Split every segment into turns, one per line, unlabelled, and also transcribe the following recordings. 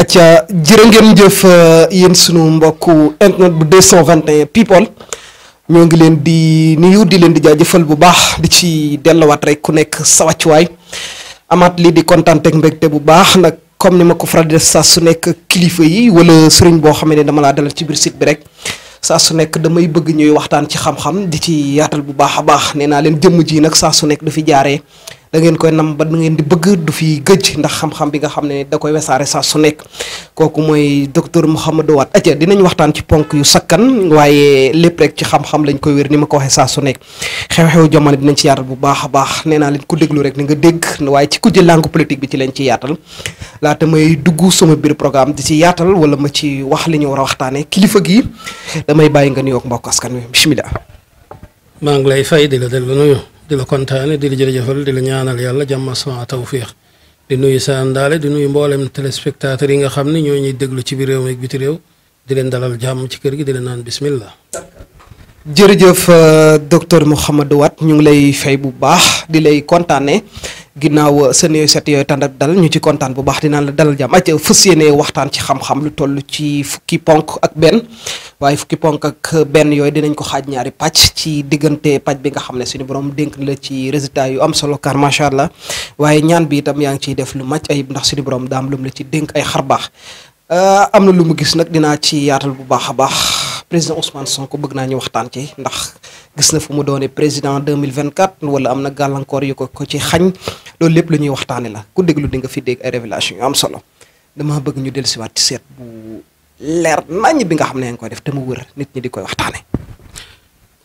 acca jërë ngeen jëf euh, yéen sunu mbokku internet bu 221 people ñoo ngi leen di nuyu di leen di jaajëfal bu baax di ci delluwaat rek ku nekk sa wàccuwaay amaat lii di kontaan ak mbégte bu baax nag comme ni ma ko faral di def saa su nekk kilifa yi wala sëriñ boo xam ne dama laa dalal ci biir site bi rek saa su nekk damay bëgg ñuy waxtaan ci xam-xam di ci yaatal bu baax a baax nee naa leen jëmm jii nag saa su nekk du fi jaaree. da ngeen koy nam ba da ngeen di bëgg du fi gëj ndax xam-xam bi nga xam ne da koy wesaare saa su nekk kooku mooy docteur Mouhamadou Wade aja dinañ waxtaan ci ponk yu sakkan waaye lépp rek ci xam-xam lañ koy wér ni ma ko waxee saa su nekk xew-xew jamono dinañ ci yaatal bu baax a baax nee naa leen ku déglu rek ni nga dégg waaye ci kujje langue politique bi ci leen ci yaatal laata may dugg suma biir programme di ci yaatal wala ma ci wax li ñu war a waxtaanee kilifa gi damay bàyyi nga nuyoog mbokk
askan wi bisimilah. maa ngi lay fay di la dellu nuyu. di la kontaane di la jërëjëfal di la ñaanal yàlla jàmm sama tawfiix di nuyu saan daale di nuyu mboolem téléspectateurs yi nga xam ne ñoo ñuy déglu ci biir réew mi ak ti réew di leen dalal jàmm ci kër gi di leen naan bismillah
jërëjëf euh, docteur Mouhamadou Wade ñu ngi lay fay bu baax di lay kontaane ginnaaw euh, seen yooyu set yooyu tànd ak dal ñu ci kontaan bu baax dinaan la dalal jàmm aj fas yéene waxtaan ci xam-xam lu toll ci fukki ponk ak benn waaye fukki ponk ak benn yooyu dinañ ko xaaj ñaari pàcc ci diggante pàcc bi nga xam ne suñu borom dénk la ci résultat yu am solo car macha allah waaye ñaan bi itam yaa ngi ciy def lu màcc ay ndax suñu borom daam lum la ci dénk ay xar baax euh, am na lu mu gis nag dinaa ci yaatal bu baax a baax président Ousmane Sonko bëgg naa ñu waxtaan ci ndax gis na fu mu doone président 2024 wala am na gàllankoor yu ko ko ci xañ loolu lépp lu ñuy waxtaane la ku déglu di nga fi dégg ay révélation yu am solo dama bëgg ñu dellusiwaat ci seet bu leer nañ bi nga xam ne nga koy def te mu wër nit ñi di koy waxtaane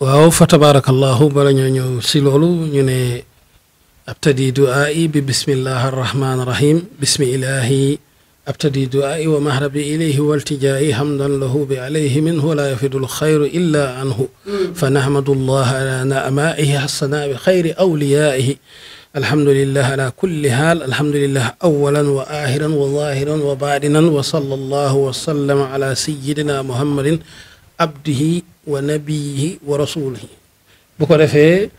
waaw fa tabarakallahu bala ñoo ñëw si loolu ñu ne abtadi duaayi bi bismillahi arrahmani rahim bismi ilahi أبتدي دعائي ومهربي إليه والتجائي حمدا له بعليه منه ولا يفد الخير إلا عنه فنحمد الله على نعمائه حسنا بخير أوليائه الحمد لله على كل حال الحمد لله أولا وآخرا وظاهرا وباطنا وصلى الله وسلم على سيدنا محمد عبده ونبيه ورسوله bu ko defee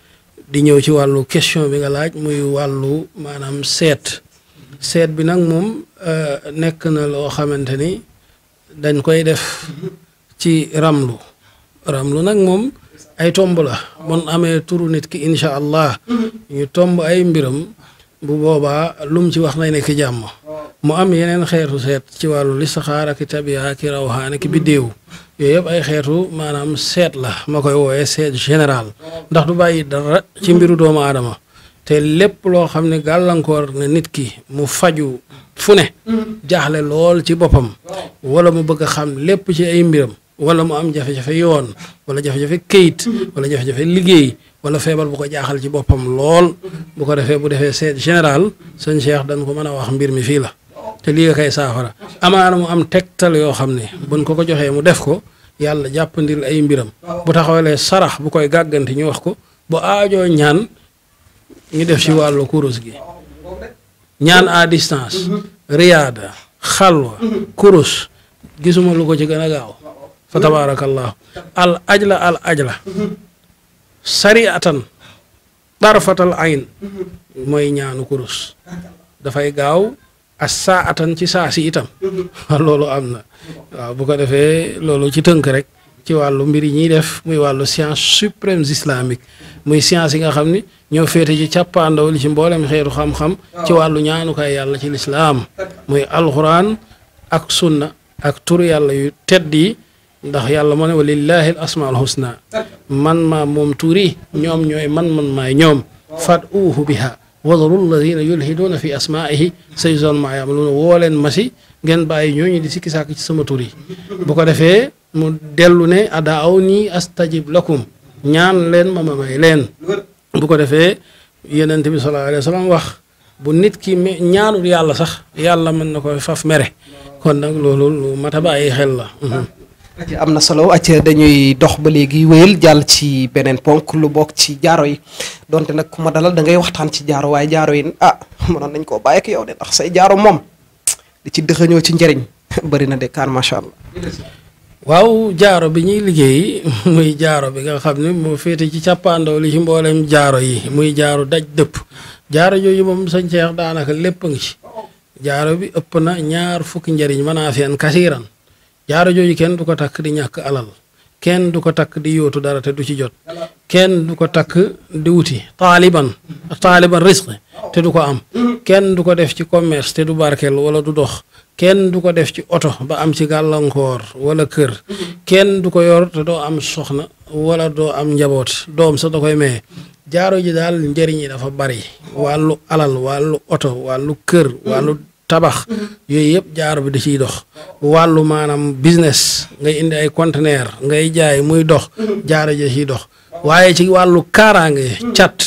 di ñëw ci wàllu question bi nga laaj muy wàllu maanaam seet seet bi nag moom euh, nekk na loo xamante ni dañ koy def ci ramlu ramlu nag moom ay tomb la bon amee turu nit ki incha allah ñu tomb ay mbiram bu boobaa lum ci wax nay nekk jàmm mu am yeneen xeetu seet ci wàllu listixaar ak tabiya ki rawxaan ak biddéew yooyu yëpp ay xeetu maanaam seet la ma koy woowee seet général ndax du bàyyi dara ci mbiru doomu aadama te lépp loo xam ne gàllankoor na nit ki mu faju fu ne jaaxle lool ci boppam wala mu bëgg a xam lépp ci ay mbiram wala mu am jafe-jafe yoon wala jafe-jafe wala jafe liggéey wala feebar bu ko jaaxal ci boppam lool bu ko defee bu defee seet général sëñ Cheikh dañ ko mën a wax mbir mi fii la te lii nga saafara amaana mu am tegtal yoo xam ne buñ ko ko joxee mu def ko yàlla jàppandil ay mbiram bu taxawalee sarax bu koy gàgganti ñu wax ko bu aajoo ñaan ñu def ci wàllu kurus gi ñaan à distance riyaada xalwa kurus gisuma lu ko ci gën a gaaw fa tabaarakallahu al ajla al ajla sariatan tarfatal ayn mooy ñaanu kurus dafay gaaw as saatan ci saa si itam waaw loolu am na waaw bu ko defee loolu ci tënk rek ci wàllu mbir yi ñuy def muy wàllu science suprême islamique muy science yi nga xam ni ñoo féete ci càppaandaw li ci mboolem xeetu xam-xam ci wàllu ñaanukaay yàlla ci lislaam mooy alxuraan ak sunna ak tur yàlla yu tedd yi ndax yàlla moo ne wa lillahi al asmaul man ma moom tuuri ñoom ñooy man man maay ñoom fat uuhu biha wadaru alladina yulhiduuna fi asmaihi sayusoon maa yamaluuna woo leen masi ngeen bàyyi ñooñu di sikki sàkk ci sama tur yi bu ko defee mu dellu ne adaa aw ni astajib lakum ñaan leen ma ma may leen bu ko defee yeneen bi sallallahu alayhi wa wax bu nit ki ñaanul yàlla sax yàlla mën na koy faf mere kon nag loolu lu mat a xel la ah.
am na solo acca dañuy dox ba léegi wéyal jàll ci beneen ponk lu bokk ci jaaro yi donte nag ku ma dalal da ngay waxtaan ci jaaro waaye jaaro yi ah mënoon nañ koo bàyyi ak yow de ndax say jaaro moom li ci dëxëñoo ci njëriñ
bëri na de kaan macha allah waaw jaaro bi ñuy liggéey muy jaaro bi nga xam ne moo féete ci càppaandaw li ci mboolem jaaro yi muy jaaro daj dëpp jaaro jooju moom sañ ceex daanaka lépp ngi ci jaaro bi ëpp na ñaar fukki njariñ mën naa feen kasiiran jaaro jooju kenn du ko takk di ñàkk alal kenn du ko takk di yootu dara te du ci jot kenn du ko takk di wuti taaliban taaliban risque te du ko am kenn du ko def ci commerce te du barkel wala du dox kenn du ko def ci oto ba am ci gàllankoor wala kër kenn du ko yor te doo am soxna wala doo am njaboot doom sax da koy maye jaaro ji daal njëriñ yi dafa bari wàllu alal wàllu oto wàllu kër wàllu tabax mm-hmm. yooyu yëpp jaaro bi da ciy dox wàllu maanaam business ngay indi ay conteneur ngay jaay muy dox mm-hmm. jaaro je da dox waaye ci wàllu kaaraange cat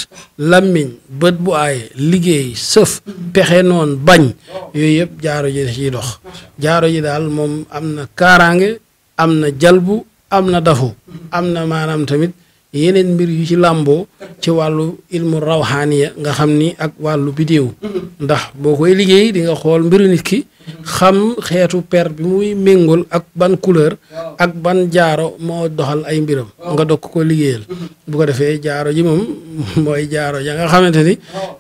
lammiñ bët bu aay liggéey sëf mm-hmm. pexe noon bañ yooyu yëpp jaaro ji da dox jaaro ji daal moom am na kaaraange am na jalbu amna dafu am na tamit yeneen mbir yu ci làmboo ci wàllu ilmu rawxaaniya nga xam ni ak wàllu bidéew mm-hmm. ndax boo koy liggéey di nga xool mbiru nit ki mm-hmm. xam xeetu per bi muy méngool ak ban couleur ak ban jaaro moo doxal ay mbiram nga dokk ko liggéeyal mm-hmm. bu ko defee jaaro ji moom mooy jaaro ja nga xamante ni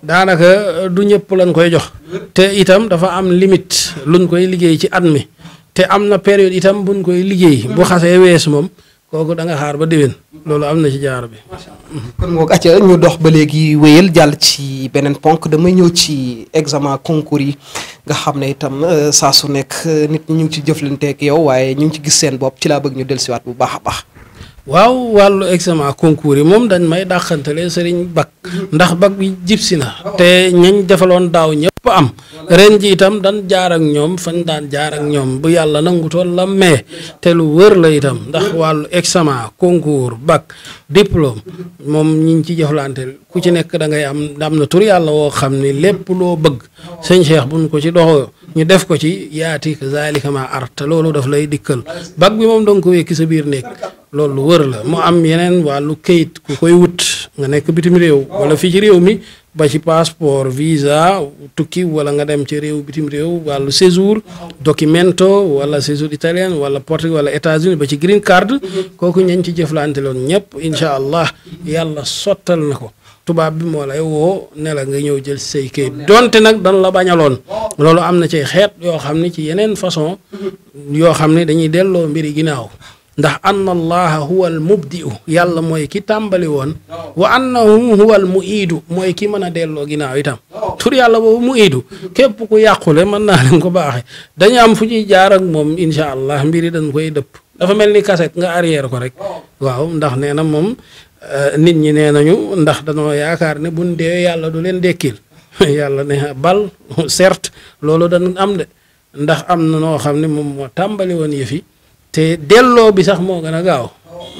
daanaka du ñëpp lañ koy jox te itam dafa am limite luñ koy liggéey ci at mi te am na période itam buñ koy liggéey boo xasee wees moom kooku da nga xaar ba déwén loolu am na ci jaar bi. kon moo acca ñu dox ba léegi wéyal jàll ci beneen
ponk damay ñëw ci examen concours yi nga xam ne itam euh, saa su nekk nit
ñu ngi ci jëflanteeg yow waaye ñu ngi ci gis seen bopp ci la bëgg ñu dellusiwaat bu baax a baax. waaw wàllu examen concours yi moom dañ may dàqantale sëriñ bac ndax bac bi jib si na te ñañ defaloon daaw ñëpp am ren ji dan dañ ñoom fañ daan jaar ak ñoom bu yàlla nangutoon la mais te lu wër la itam ndax wàllu examen concours bac diplôme moom ñi ñu ci jëflante ku ci nekk da ngay am am na tur yàlla woo xam ni lépp loo bëgg sëñ Cheikh buñ ko ci doxoo ñu def ko ci yaati zaalika ma art loolu daf lay dikkal bac bi moom danga ko wékki sa biir nekk loolu wër la mu am yeneen wàllu këyit ku koy wut nga nekk bitim réew wala fii ci réew mi ba ci passeport visa tukki wala nga dem ci réew bitim réew wàllu séjour documento wala séjour italien wala portugais wala états-unis ba ci green card kooku ñañ ci jëflante loon ñëpp incha allah yàlla sottal na ko tubaab bi moo lay woo ne la nga ñëw jël say këyit donte nag dan la bañaloon loolu am na ci xeet yoo xam ne ci yeneen façon yoo xam ne dañuy delloo mbiri ginnaaw ndax anna allaha huwa al mubdiu yàlla mooy ki tàmbali woon wa annahu huwa al muiidu mooy ki mën a delloo ginnaaw itam tur yàlla boobu muiidu képp ku yàqule mën naa leen ko baaxe dañu am fu ñuy jaar ak moom incha allah mbiri dañ koy dëpp dafa mel ni kaset nga arrière ko rek waaw ndax nee na moom euh, nit ñi nee nañu ndax danoo yaakaar ne buñ dee yàlla du leen dekkil yàlla ne bal certes loolu dañ am de ndax am na noo xam ne moom moo tàmbali woon yëfi te delloo bi sax moo gën a gaaw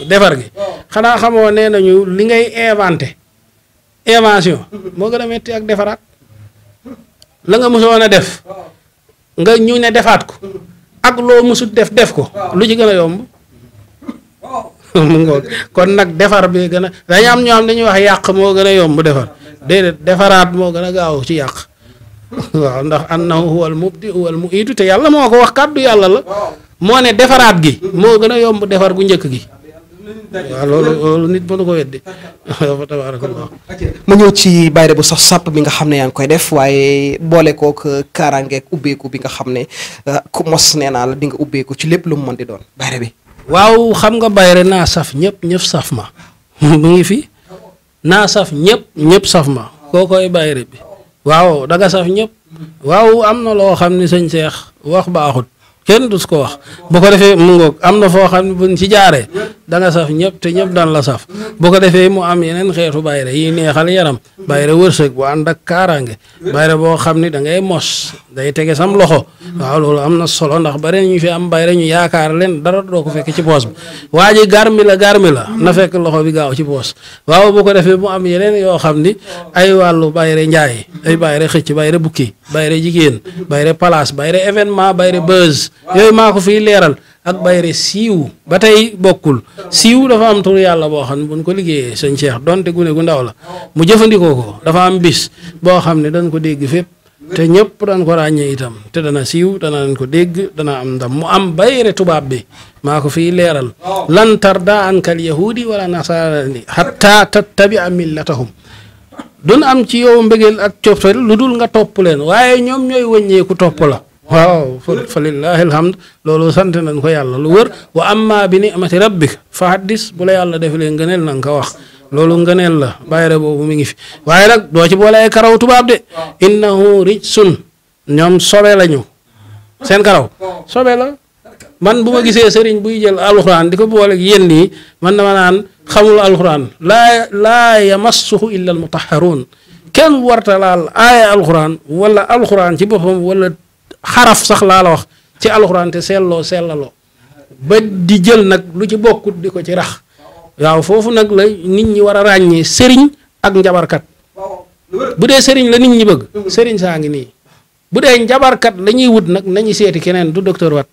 defar gi xanaa xamoo nee nañu li ngay inventé invention moo gën a metti ak defaraat la nga mësoon a def nga ñu ne defaat ko ak loo mësut def def ko lu ci gën a yomb mu ngoog kon nag defar bi gën a dañu am ñoo xam dañuy wax yàq moo gën a yomb defar déedéet defaraat moo gën a gaaw ci yàq waaw ndax annahu huwal mubdi huwal muiitu te yàlla moo ko wax kàddu yàlla la moo ne defaraat gi moo gën a yomb defar gu njëkk gi waaw loolu loolu nit mënu ko weddi fa ma ñëw ci bayre bu sax sàpp bi nga
xam ne yaa ngi koy def waaye boole kook kaaraangeeg ubbeeku bi nga xam ne uh, ku
nee naa la di nga ubbeeku ci lépp lu mën di doon bayre bi waaw xam nga bayre naa saf ñëpp ñëpp saf ma mu ngi fi naa saf ñëpp ñëpp saf ma koo koy bayre bi waaw da nga saf ñëpp waaw am na loo xam ne sëñ Seex wax baaxut kenn du su ko wax bu ko defee mu ngoog am na foo ne buñ ci jaaree da nga saf ñëpp te ñëpp daan la saf bu ko defee mu am yeneen xeetu bayre yi neexal yaram bayre wërsëg bu ànd ak bayre boo xam ni da ngay mos day tege sam loxo waaw loolu am na solo ndax bare ñu fi am bayre ñu yaakaar leen dara doo ko fekk ci poos bi waa la garmi la na fekk loxo bi gaaw ci poos waaw bu ko defee mu am yeneen yoo xam ni ay wàllu bayre njaay ay bayre xëcc bayre bukki bayre jigéen bayre palaas bayre événement bayre buzz yooyu maa ko fiy leeral ak bayre siiw ba tey bokkul siiw dafa am tur yàlla boo xam ne buñ ko liggéeyee sëñ Cheikh donte gune gu ndaw la mu jëfandikoo ko dafa am bis boo xam ne dañ ko dégg fépp te ñëpp dañ ko ràññee itam te dana siiw dana leen ko dégg dana am ndam mu am bayre tubaab bi maa ko fii leeral lan tarda ankal yahudi wala nasarani hatta tattabia millatahum dun am ci yow mbëggeel ak copte nga topp leen waaye ñoom ñooy wëññeeku topp la waaw fa lillahi alhamd loolu sant nañ ko yàlla lu wër wa amma bi ni'mati rabbika fa haddis bu la yàlla defalee ngëneel na nga ko wax loolu ngëneel la bayre boobu mu ngi fi waaye nag doo ci boole ay karaw tubaab de innahu rijsun ñoom sobe lañu seen karaw sobe la man bu ma gisee sëriñ buy jël alxuraan di ko boole yéen yi man na dama naan xamul alxuraan laa laa yamassuhu illa almutahharuun kenn warta aaya alxuraan wala alxuraan ci boppam wala xaraf sax laa la wax ci alxuraan te seetloo seetlaloo ba di jël nag lu ci bokkut di ko ci rax waaw foofu nag la nit ñi war a ràññee sëriñ ak njabarkat bu dee sëriñ la nit ñi bëgg sëriñ saa ngi nii bu dee njabarkat lañuy ñuy wut nag nañu seeti keneen du docteur wat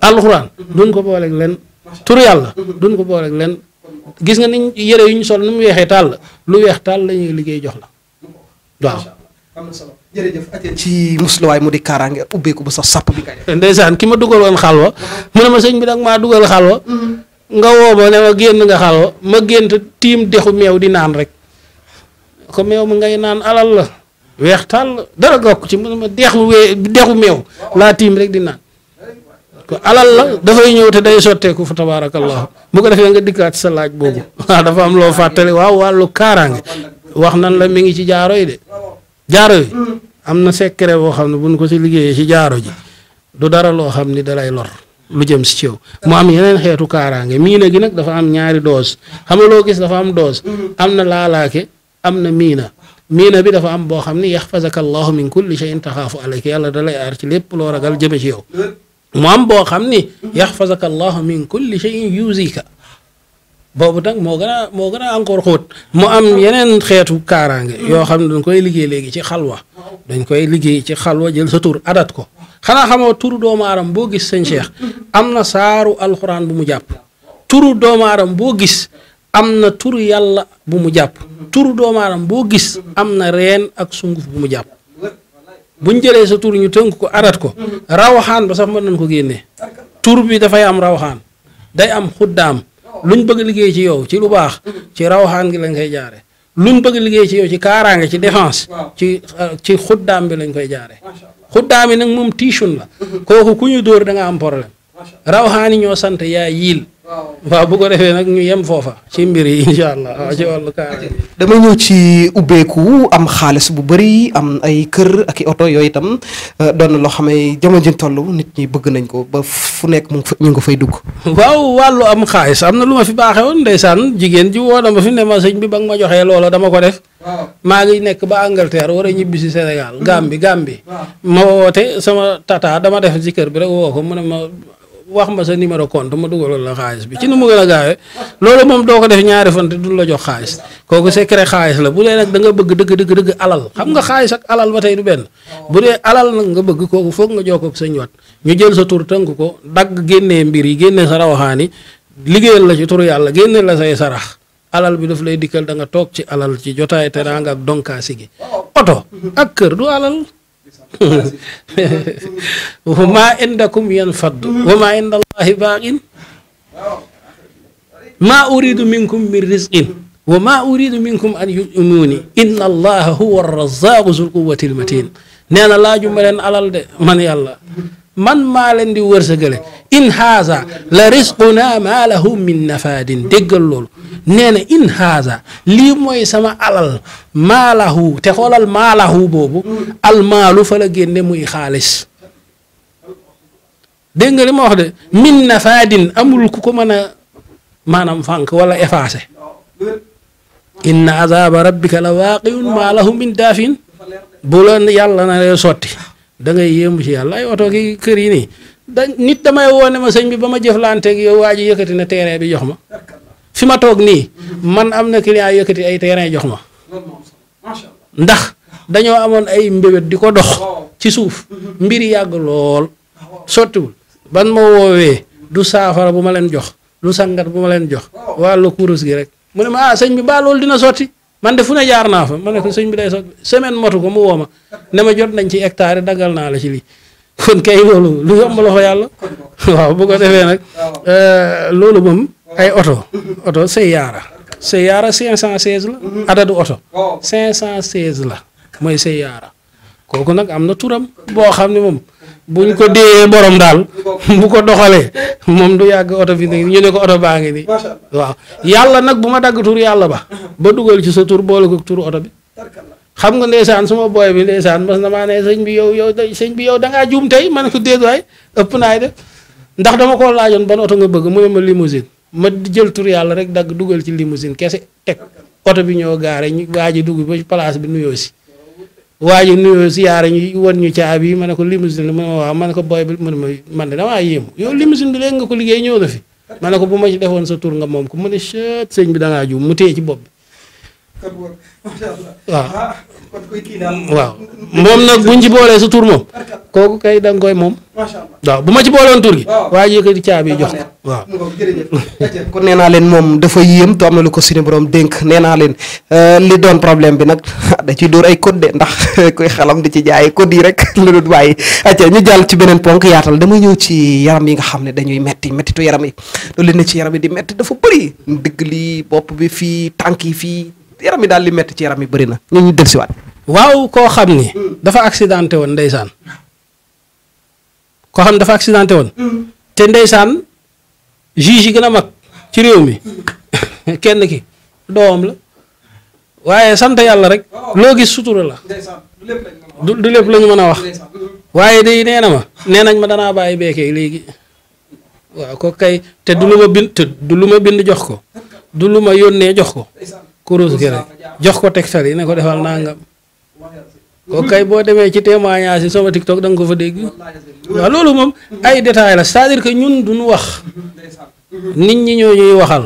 alxuraan duñ ko booleeg leen tur dun ko booleeg leen gis nga ni yére yu ñu sol nu mu weexee tàll lu weex tàll lañuy liggéey jox la waaw ci ateen ci musluwaay mu di kaaraange ubbeeku ba sax sap bi ki ma dugal woon xalwa mu ne ma sëñ bi nag maa dugal xalwa mm-hmm. nga woo ma ne ma génn nga xalwa ma génn tiim dexu meew di naan rek ko meew mu ngay naan alal la weex tàll dara gokk ci ma dexu wee dexu meew laa rek di naan ko la dafay ñëw te day sotteeku fa tabaarakallahu bu ko defee nga dikkaat sa laaj boobu dafa am loo fàttali waaw wàllu kaaraange wax nan la mi ngi ci jaaro yi de jaaro yi. Mm. am na secret boo xam ne buñ ko si liggéeyee si jaaro ji du dara loo xam ni dalay lor lu jëm si ceew mu am yeneen xeetu kaaraange miina gi nag dafa am ñaari doos xam na loo gis dafa am doos mm. am na laalaake am na miina miina bi dafa am boo xam ni yaxfazaka allahu min kulli shay'in taxaafu alayka yàlla dalay aar ci lépp loo ragal jëme ci yow mm. mu am boo xam ni yaxfazaka allahu min kulli shay'in yuuzika boobu nag moo gën a moo gën a encore xóot mu am yeneen xeetu kaaraange yoo xam ne dañ koy liggéey léegi ci xalwa dañ koy liggéey ci xalwa jël sa tuur adat ko xanaa xamoo tuur doomu aadama boo gis sëñ Cheikh am na saaru alxuraan bu mu jàpp turu doomu boo gis am na turu yàlla bu mu jàpp turu doomu boo gis am na reen ak sunguf bu mu jàpp buñ jëlee sa tur ñu tënk ko adat ko rawaxaan ba sax mën nañ ko génnee tur bi dafay am rawaxaan day am xuddaam luñ bëgg liggéey ci yow ci lu baax mm-hmm. ci rawxaan gi lañ koy jaare luñ bëgg liggéey ci yow ci kaaraange ci défense ci euh, ci xuddaam bi lañ koy jaare xuddaam bi nag moom tiichun la mm-hmm. kooku ku ñu dóor da am am problème rawxaan yi ñoo sant yaa yiil waaw bu ko defee nag ñu yem foofa ci mbir yi incha allah waaw ci wàllu kaar
damay ñëw ci ubbeeku am xaalis bu bëri am ay kër ak i oto yooyu itam euh, doon na loo xam ne jamono ji toll nit ñi bëgg nañ ko ba fu nekk mu ñu ngi fay dugg.
waaw wàllu am xaalis am na lu ma fi baaxee woon ndeysaan jigéen ji woo dama fi ne ma sëñ bi ba nga ma joxee loola dama ko def. maa ngi nekk ba Angleterre war a ñibbi si Sénégal. Mm-hmm. Gambie Gambie. ma woote sama tata dama def ci kër bi rek wax ma sa numéro compte ma dugalal la xaalis bi ci nu mu gën a gaawee loolu moom doo ko def ñaari fan te duñ la jox xaalis kooku secret xaalis la bu dee nag nga bëgg dëgg dëgg dëgg alal xam nga xaalis ak alal ba tey du benn bu dee alal nag nga bëgg kooku foog nga jokkoo ak sañ wat ñu jël sa tur tënk ko dagg génnee mbir yi génnee sa rawaxaan liggéeyal la ci turu yàlla génnee la say sarax alal bi daf lay dikkal da nga toog ci alal ci jotaay te ak donkaasi gi oto ak kër wa maa indakum yanfaddu wa maa inda allahi baaqin maa uridu minkum min risqin wa maa uridu minkum an yutimuuni inna allaha huwa arrazaaqu zul quwati almatin nee na laajuma leen alal de man yàlla man maa leen di wërsëgale in haaza la risquna maa lahu min nafaadin déggal loolu nee na in haasa lii mooy sama alal maalahu te xoolal maalahu boobu almaalu fa la génne muy xaalis dégg nga li ma wax de min nafaadin amul ku ko mën a maanaam fànq wala effacé inna azaaba rabbika la waaqiun maalahu min daafin bu la yàlla na lay sotti da ngay yéemu ci yàlla ay oto ki kër yi nii da nit damay woone ma sëñ bi ba ma jëflanteeg yow waa ji yëkkati na terrain bi jox ma fi ma toog nii man am na client yëkkati ay terrain jox ma ndax dañoo amoon ay mbébét di ko dox ci suuf mbiri yàgg lool sottiwul ban ma woowee du saafara bu ma leen jox lu sangat bu ma leen jox wàllu kurus gi rek mu ne ma ah sëñ bi baa loolu dina sotti man de fu ne jaar naa fa ma ne ko sëñ bi day sotti semaine matu ko mu woo ma ne ma jot nañ ci hectare daggal naa la ci lii kon kay loolu lu yomb la fa yàlla waaw bu ko defee nag euh, loolu moom ay oto oto Seyyaara Seyyaara 516 la. Mhm. adadu oto. 516 la mooy Seyyaara kooku nag am na turam boo xam ne moom buñ ko déyee borom daal bu ko doxalee moom du yàgg oto bi ñu ne ko oto baa ngi nii waaw yàlla nag bu ma dagg tur yàlla ba ba dugal ci sa tur boole ko tur oto bi. xam nga ndeysaan suma booy bi ndeysaan mas na maa ne sëñ bi yow yow sëñ bi yow da ngaa tey man ko déet waay ëpp naay def ndax dama ko laajoon ban oto nga bëgg mu ne ma ma jël tur yàlla rek dagg dugal ci limousine kese teg oto bi ñoo gaare ñu waa ji dugg ba place bi nuyoo si waa ji nuyoo si yaare ñu won ñu caabi yi ma ne ko limousine ma waaw ma ne ko boy bi ma ne ma man de damaa yéemu yow limousine bi léegi nga ko liggéey ñëw na fi ma ne ko bu ma ci defoon sa tur nga moom ko mu ne sëñ bi da ngaa juum ci bopp bi
waaw ah, waaw
moom nag buñ ci boolee sa tur moom kooku kay da koy moom waaw bu ma ci boolewoon tur gi waa yëkkati caabi jox ko
waaw
kon nee naa leen moom dafa yéem te am na lu
ko suñu borom dénk nee naa leen euh, li doon problème bi nag da ciy dóor ay code de ndax koy xalam di ci jaaye code yi rek la doon bàyyi acca ñu jàll ci beneen ponk yaatal damay ñëw ci yaram yi nga xam ne dañuy metti mettitu yaram yi loolu ne ci yaram yi di metti dafa bëri ndigg li bopp bi fii tànk yi yaram mi daal li metti ci yaram mi bëri na ñu ñu dellusiwaat. waaw koo xam
ni. dafa accidenté woon ndeysaan. koo xam ne dafa accidenté woon. Mm. te ndeysaan juge yi gën a mag ci réew mi kenn ki doom la waaye sant yàlla rek oh. loo gis sutura la du lépp la mën a wax mm-hmm. waaye day nee na ma nee nañ ma danaa bàyyi beekee léegi waaw ko kay te du lu ma bind te du lu ma bind jox ko du lu ma yónnee jox ko kurus gi rek jox ko tegtal yi ne ko defal nangam kooku kay boo demee ci témoignage yi sama TikTok da nga ko fa dégg waaw loolu moom ay détails la cest que ñun duñu wax nit ñi ñoo ñuy waxal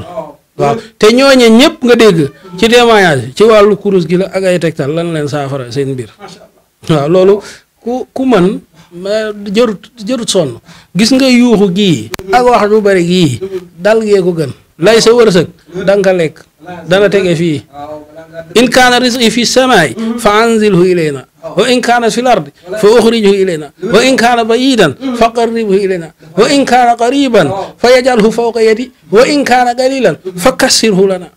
waaw te ñooñe ñëpp nga dégg ci témoignage ci wàllu kurus gi la ak ay tegtal lan leen saafara seen mbir waa loolu ku ku mën jarut jarut sonn gis nga yuuxu gii ak wax lu bari gii dal gee ko gën lay sa wërsëg danga lekk dana tege fii in kaana rizqi fi samaai fa anzilhu ilayna wa in kaana fi lardi fa uxrijhu ilayna wa in kaana bayidan fa qarribhu ilayna wa in kaana qariban fa yajalhu fawqa yadi wa in kaana qalilan fa kassirhu lana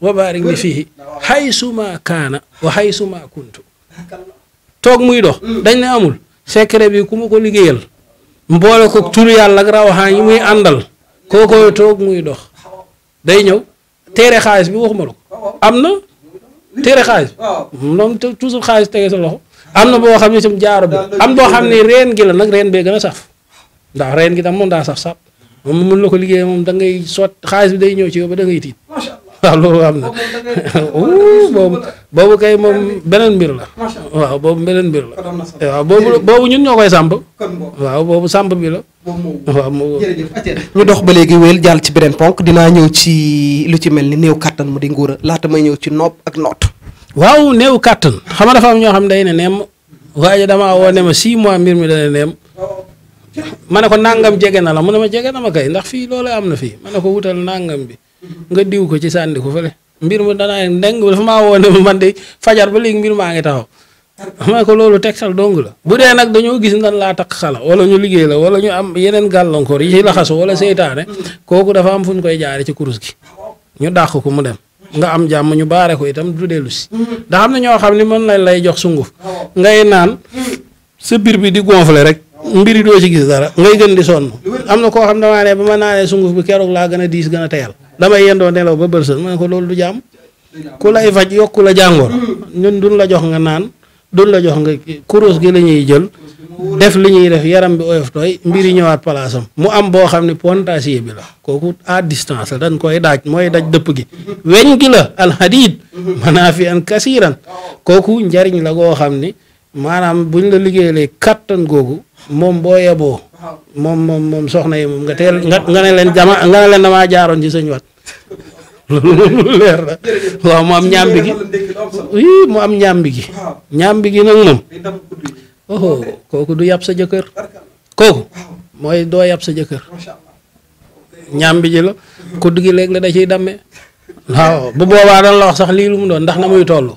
wa barik li fihi haysu ma kaana wa haysu ma kuntu toog muy dox dañ ne amul secret bi ku ko liggéeyal mboole ko tur yàlla ak rawaxaan yi muy àndal kookoo toog muy dox day ñëw téere xaalis bi waxuma la ko ah, am na téere xaalis ah, mm, moom toujours xaalis tege sa loxo am na boo xam ne sam jaaro bi am boo xam ne reen gi la nag reen bee gën a saf ndax reen gi tam moom daa saf saf moom mën na ko liggéey moom da ngay sot xaalis bi day ñëw ci yow ba da ngay tiit waaw loolu am na boobu boobu kay moom beneen mbir la waaw boobu mbir la waaw boobu boobu ñun ñoo koy sàmp waaw boobu sàmp bi la
waaw
ñu
dox ba léegi wéel jàll ci beneen ponk dinaa ñëw ci lu ci mel ni néew
kàttan mu di nguura laata may ñëw ci nopp ak noot waaw néew kàttan xam nga dafa am ñoo xam day ne neem waaye damaa woo ne ma six mois mbir mi dana neem oh. ma ko nàngam jege na la mu ne ma jege na ma kay ndax fii loolu am na fii ma ko wutal nàngam bi nga diw ko ci sànni ko fële mbir mu danaa ndeng dafa maa woo ne man de fajar ba léegi mbir maa ngi taxaw ma ko loolu tegtal dong la bu dee nag dañoo gis nan laa takk xala wala ñu liggéey la wala ñu am yeneen gàllankoor yi ci laxasu wala seytaane kooku dafa am fu ñu koy jaare ci kurus gi ñu dàq ko mu dem nga am jàmm ñu baare ko itam du dellu si mm-hmm. ndax am na ñoo xam ne mën lañ lay jox sunguf oh. ngay naan sa biir bi di gonfler rek mbiri doo ci gis dara ngay gën di sonn am na koo xam ne damaa ne ba sunguf bi keroog laa gën a a teyal damay yendoo nelaw ba bërsën ma ne ko loolu du jàmm
ku lay faj yokku la jàngoor
ñun duñ la jox nga naan duñ la jox nga kurus gi la ñuy jël def li ñuy def yaram bi oyof tooy mbir yi ñëwaat palaasam mu am boo xam ne pontacier bi la kooku à distance la dañ koy daaj mooy daj dëpp gi weñ gi la alhadid manaafi an kooku njariñ la goo xam ni maanaam buñ la liggéeyee kattan googu moom boo yeboo. moom moom soxna yi moom nga teel nga nga ne leen jama nga ne leen damaa jaaroon ci sëñ wat loolu leer na waaw mu am ñaambi gi mu am ñaambi gi ñaambi gi nag moom kooku du yab sa jëkkër kooku mooy doo yàpp sa jëkkër ñaambi ji la kudd gi léeg la da ciy
waaw bu boobaa
dañ la wax sax lii lu mu doon ndax na muy toll.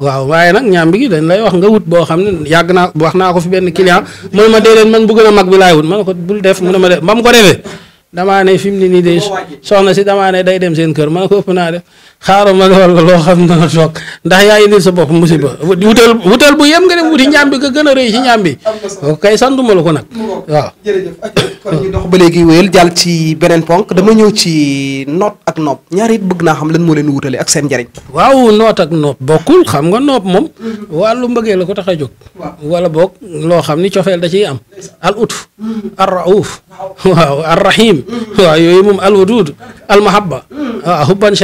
waaw waaye nag ñaam bi dañ lay wax nga wut boo xam ne yàgg naa wax naa ko fi benn client man ma dee leen man bu gën a mag bi laay wut man ko bul def mu ne ma def ba ko defee damaa ne fi mu ne nii de soxna si damaa ne day dem seen kër man ko ëpp naa def xaaral ma defal la loo xam ne dana toog ndax yaa indi sa bopp musiba wutal wutal bu yem nga dem wuti ñaam bi gën a rëy ci ñaam bi kay santuma la ko nag waaw.
ba léegi wéyal jàll ci beneen ponk dama ñëw ci noot ak nopp ñaari it bëgg naa xam lan moo leen wutale ak seen njariñ.
waaw noot ak nopp bokkul xam nga nopp moom. Mhm. wàllu mbëggee la ko tax a jóg. wala loo xam ni cofeel da ciy am. al utf mhm. ar rauf waaw ar rahim mhm. waaw yooyu moom al wadud al mahabba hubban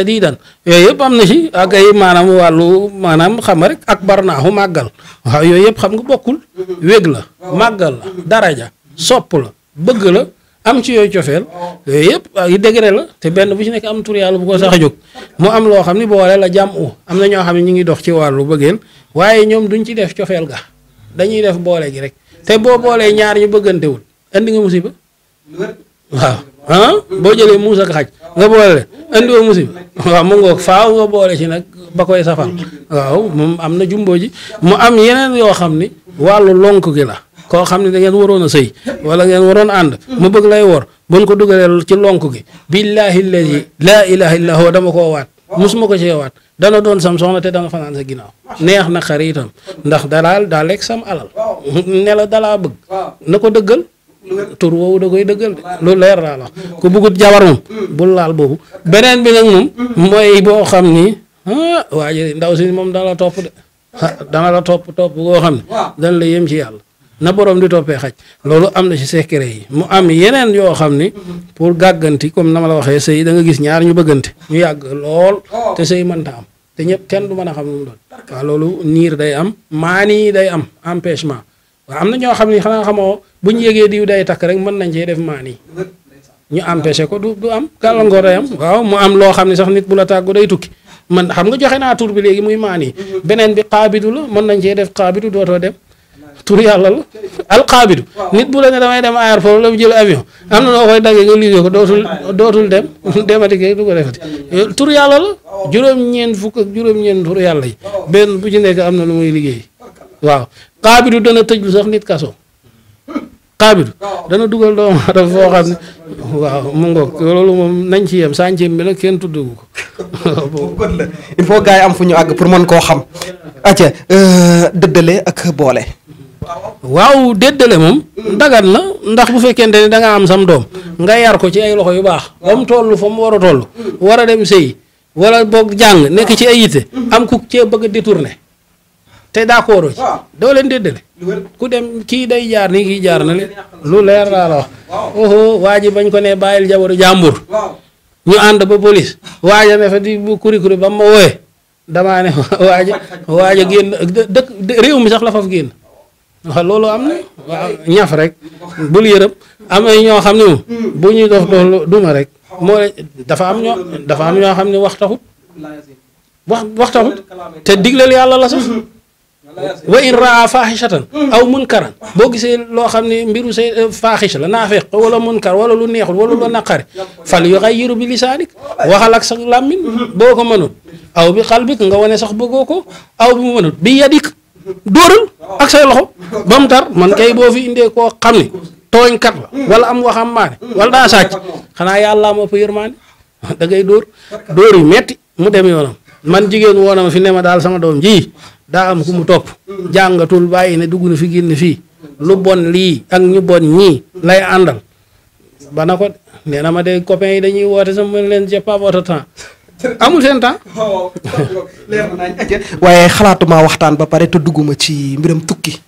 yooyu yëpp am na ci ak ay maanaam wàllu maanaam xama rek ak barnaaxu màggal waaw yooyu yëpp xam nga bokkul wég la màggal la daraja sopp la bëgg la am ci yooyu cofeel yooyu yëpp ay degré la te benn bu ci nekk am tur yàlla bu ko sax a jóg mu am loo xam ni boole la jàmm u am na ñoo xam ne ñu ngi dox ci wàllu bëggeel waaye ñoom duñ ci def cofeel ga dañuy def boole gi rek te boo boolee ñaar ñu bëggantewul indi nga musiba waaw ah? boo jëlee muus ak nga boole andi woo musiba waaw mu ngoog faaw nga boole ci nag ba koy safar waaw moom am na jumbo ji mu am yeneen yoo xam ni wàllu lonk gi la koo xam ne da ngeen waroon a sëy wala ngeen waroon ànd mu bëgg lay wor buñ ko dugalee ci lonk gi billahi alladi laa ilaha illa huwa dama koo waat musuma ko cee waat dana doon sam soxna te dana fanaan sa ginnaaw neex na xaritam ndax dalaal daa lekk sam alal ne dalaa bëgg na ko dëggal tur woowu da koy dëggal de loolu leer laa la ku bëggut jabar moom bul laal boobu beneen bi moom mooy boo xam ni ah waa ji ndaw si moom dana la topp de dana la topp topp goo xam ne dana la yem ci yàlla na borom di toppee xaj loolu am na ci secret yi mu am yeneen yoo xam ni pour gàgganti comme na ma la waxee sëy da nga gis ñaar ñu bëggante ñu yàgg lool oh. te sëy mënta am te ñëpp kenn du mën a xam lu doon waaw loolu niir day am maani day am empêchement waaw am na ñoo xam ne xanaa xamoo bu ñu yegee diw day takk rek mën nañ cee def maan ñu ñu empêché ko du du am gàllankoor day yam waaw mu am loo xam ne sax nit bu la tàggu day tukki man xam nga joxe naa tur bi léegi muy maan yi mhm. beneen bi xaabidu la mën nañ cee def xaabidu dootoo dem tur yàlla la alxaabidu nit bu la ne damay dem aéroport la jël avion am na noo koy daggee nga ko dootul dootul dem demati kay du ko defati tur yàlla la juróom-ñeent fukk ak juróom yàlla yi benn bu ci nekk am na lu muy liggéey waaw xaabiru dana tëjlu sax nit kaso xaabiru dana dugal doomu aadama foo xam ne waaw mu ngoog loolu moom nañ ci yem sànceem bi nag kenn tuddagu ko. il faut gars yi am fu ñu àgg pour mën koo xam. acca euh, dëddale ak boole. waaw déddale moom. dagan la ndax bu fekkente ne danga am sam doom. nga yar ko ci ay loxo yu baax. ba mu toll fa mu war a toll. war a dem sëy wala boog jàng nekk ci ay yitte. am ku cee bëgg a détourné. te d'accord ci doo leen déddale ku dem kii day jaar nii kii jaar na le lu leer laa la wax oho bañ ko ne bàyyil jabaru jàmbur ñu ànd ba police waaja ne fa di bu kuri kuri ba ma wooye damaa ne waaja waaja génn dëkk réew mi sax la faf génn loolu am na ñaf rek bul yërëm am ñoo xam ne moom hmm. bu ñuy dox dox rek moo dafa am ñoo xam ne wax taxut wax taxut te digleel yàlla la sax hmm. wa in raa faaxishatan aw munkaran boo gisee loo xam ne mbiru say euh, faaxish la naafeq wala munkar wala lu neexul wala lu naqari fal yuxayyiru bi lisaanik waxal ak sa làmmiñ boo ko mënut aw bi xalbik nga wane sax bëggoo ko aw bi mu bi yadik dóoral ak say loxo ba tar man kay boo fi indee koo xam ne tooñkat la wala am waxambaane wala daa sàcc xanaa yàlla ma ëpp yërmaande da ngay dóor dóor yu metti mu dem yoonam man jigéen woonama fi ne ma daal sama doom ji daa am ku mu topp jàngatul bàyyi ne dugg na fi génn fii lu bon lii ak ñu bon ñii lay àndal ba na ko nee na ma de copain yi dañuy woote sama mën leen j'ai pas temps amul seen temps.
waaye xalaatuma waxtaan ba pare te dugguma ci mbiram
tukki.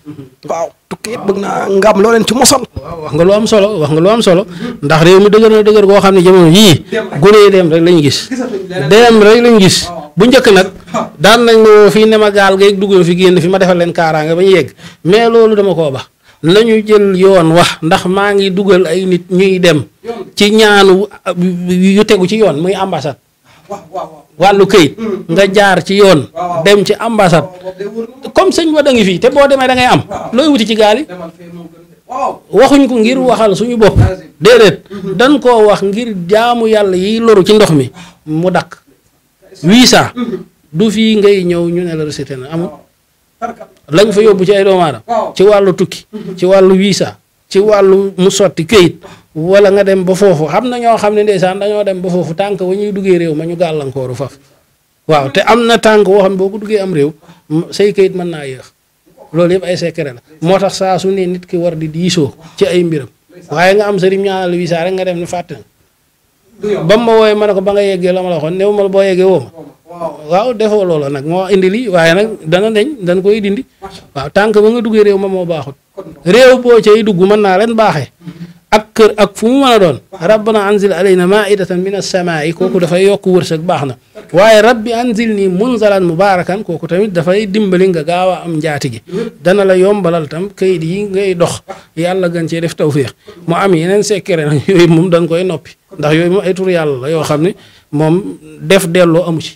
waaw tukki it bëgg naa nga am loo leen ci mosal. waaw wax nga lu am solo wax nga lu am solo ndax réew mi dëgër na dëgër goo xam ne jamono yii gune dem rek lañu gis. dem rek lañu gis. bu njëkk nag daan nañ ma fii ne ma gaal geeg dugg fi génn fi ma defal leen kaaraange ba ñu yegg mais loolu dama koo ba nañu jël yoon wax ndax maa ngi dugal ay nit ñuy dem ci ñaanu yu tegu ci yoon muy ambassade wàllu kayit hmm, hmm. nga jaar ci yoon dem ci ambassade comme sëñ ba da fii te boo demee da ngay am looy wuti ci gaal waxuñ ko ngir waxal suñu bopp déedéet hmm, dañ koo wax ngir jaamu yàlla yiy loru ci ndox mi mu dakk visa mhm. du fii ngay ñëw ñu ne la recité na amul lañ fa yóbbu ci ay doomu ci wàllu tukki mhm. ci wàllu visa ci wàllu mu sotti këyit wala nga dem ba foofu xam na ñoo xam ne ndeysaan dañoo dem ba foofu tànk wa ñuy duggee réew ma ñu gàllankooru faf waaw te am na tànk woo xam ne boo ko duggee am réew say këyit mën naa yéex loolu yëpp ay secret la moo tax saa su ne nit ki war di diisoo ci ay mbiram waaye nga am sëriñ ñaanal visa rek nga dem ni fàtte ba mu ma ma ne ko ba nga yeggee la ma la waxoon néew ma la boo yeggee woo ma waaw defoo loola nag moo indi lii waaye nag dana deñ dañ koy dindi waaw tànk ba nga duggee réew ma moo baaxut réew boo cay dugg mën naa leen baaxee mm-hmm. ak kër ak fu mu mën na maa rabbana anzil alayna maidatan min as-samaa'i kooku mm-hmm. dafay yokk wërsëg baax na waaye rabbi anzil nii munzalan mubarakan kooku tamit dafay dimbali nga am njaati gi mm-hmm. dana la yombalal tam kayit yi ngay dox ah. yàlla gën cee def tawféex mu am yeneen secret nag moom dañ koy noppi ndax yooyu moom ay tur yàlla la yoo xam ne moom def delloo amu ci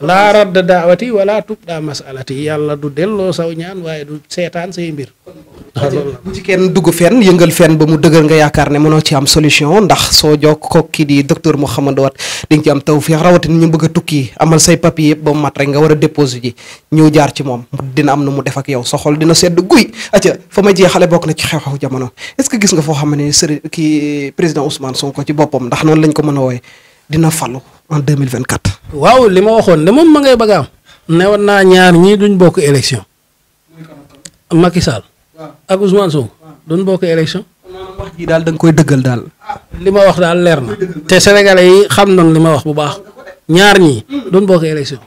laa radda daawati wala tubdaa masalati yàlla du delloo saw ñaan waaye du seetaan say mbir bu ah, ci kenn
dugg fenn yëngal fenn ba mu dëgër nga yaakaar ne mënoo ci am solution ndax soo jokk ko kii di docteur Mouhamadou Wat di nga ci am tawfeex rawatina ñu bëgg a tukki amal say papier yëpp ba mu mat rek nga war a déposé ji ñëw jaar ci moom dina am nu mu def ak yow soxol dina sedd guy acca fa ma jeexale bokk na ci xew-xew jamono est-ce que gis nga foo xam ne sëriñ kii
président Ousmane Sonko ci boppam ndax noonu lañ ko mën a wooye dina falu
en 2024
waaw li ma waxoon ne moom ma ngay bëgg a am newoon naa ñaar ñii duñ bokk élection Macky Sall ak Ousmane Sonko duñ bokk élection. wax ji daal da koy dëggal daal. Ah, li ma wax daal leer na te sénégalais yi xam nañ li ma wax bu baax ñaar ñii duñ bokk élection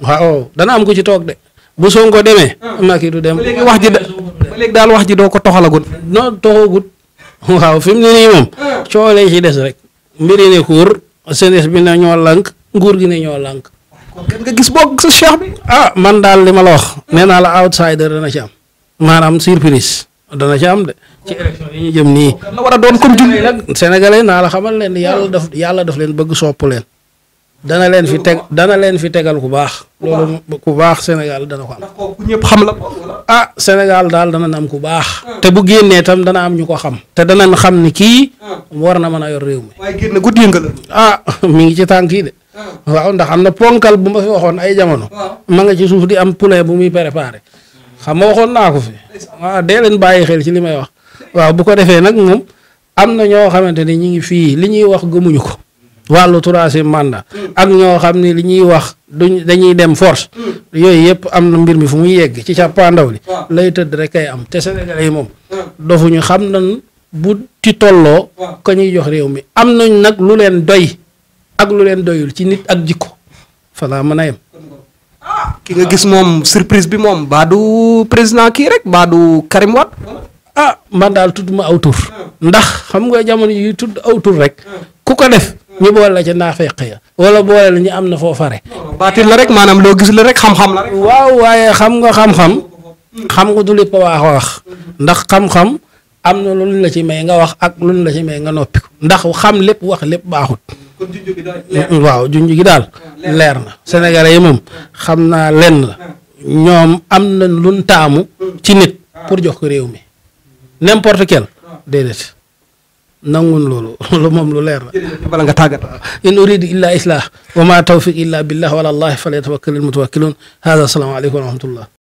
waaw dana am ku ci toog de bu Sonko demee. Ah. Macky du dem léegi wax ji da daal wax ji doo ko toxalagut. non toxagut waaw fi mu ne nii moom ah. coolee ci des rek mbiri ne kuur sénégalais bi na ñoo lank nguur gi ne ñoo lànk. gis boog sa cheikh bi. ah man daal li ma la wax. nee naa la outsider dana ci am. maanaam surprise. dana ci am de. ci élection yi ñu jëm nii. la war a doon comme naa la xamal leen yàlla daf yàlla daf leen bëgg sopp leen. dana leen fi teg dana leen fi tegal ku baax. loolu ku baax Sénégal dana ko am. ku ñëpp xam la ah Sénégal daal dana am ku baax. te bu génnee tam dana am ñu ko xam. te danañ xam ni kii. Ah. war na mën a yor réew mi. ah mi ngi ci tànk de. Hmm. waaw ndax am na ponkal bu ma fi waxoon ay jamono. ma nga ci suuf di am poulain bu muy préparé. Hmm. xam nga waxoon naa ko fi. waaw dee leen bàyyi xel ci li may wax. waaw bu ko defee nag moom am na ñoo xamante ni ñu ngi fii li ñuy wax gëmuñu ko. Hmm. wàllu troisième mandat. ak ñoo xam ne li ñuy wax duñ dañuy dem force. yooyu yëpp am na mbir mi fu muy yegg ci cappaandaw li. lay tëdd rek kay am te Sénégalais yi moom. dofu ñu xam na bu ci tolloo. ko ñuy jox réew mi am nañ nag lu leen doy. ak lu leen doyul ci nit ak jikko fa laa mën a yem. Ah, ki nga gis moom surprise bi moom baa du président kii rek baa du Karim Wade. ah man daal tudd ma aw tur. ndax xam nga jamono yi tudd aw tur rek. ku ko def ñu boole la ca naafeq wala boole ñu am na foo fare. rek maanaam loo gis rek xam-xam la waaye xam nga xam-xam. nga du lépp a wax. ndax xam-xam am na luñ la ci may nga wax ak luñ la ci may nga noppi ko ndax xam lépp wax lépp baaxut.
waaw
junju gi daal leer na sénégalais yi moom ah. xam naa len la ah. ñoom am na luñ taamu hmm. ci nit ah. pour jox ko réew mi n'importe quel déedéet nangun loolu loolu moom lu leer la bala nga tàggat in uridu illa islah wa ma tawfiq illa billah wala allah falyatawakkalil mutawakkiluun hada asalaamaaleykum wa rahmatullah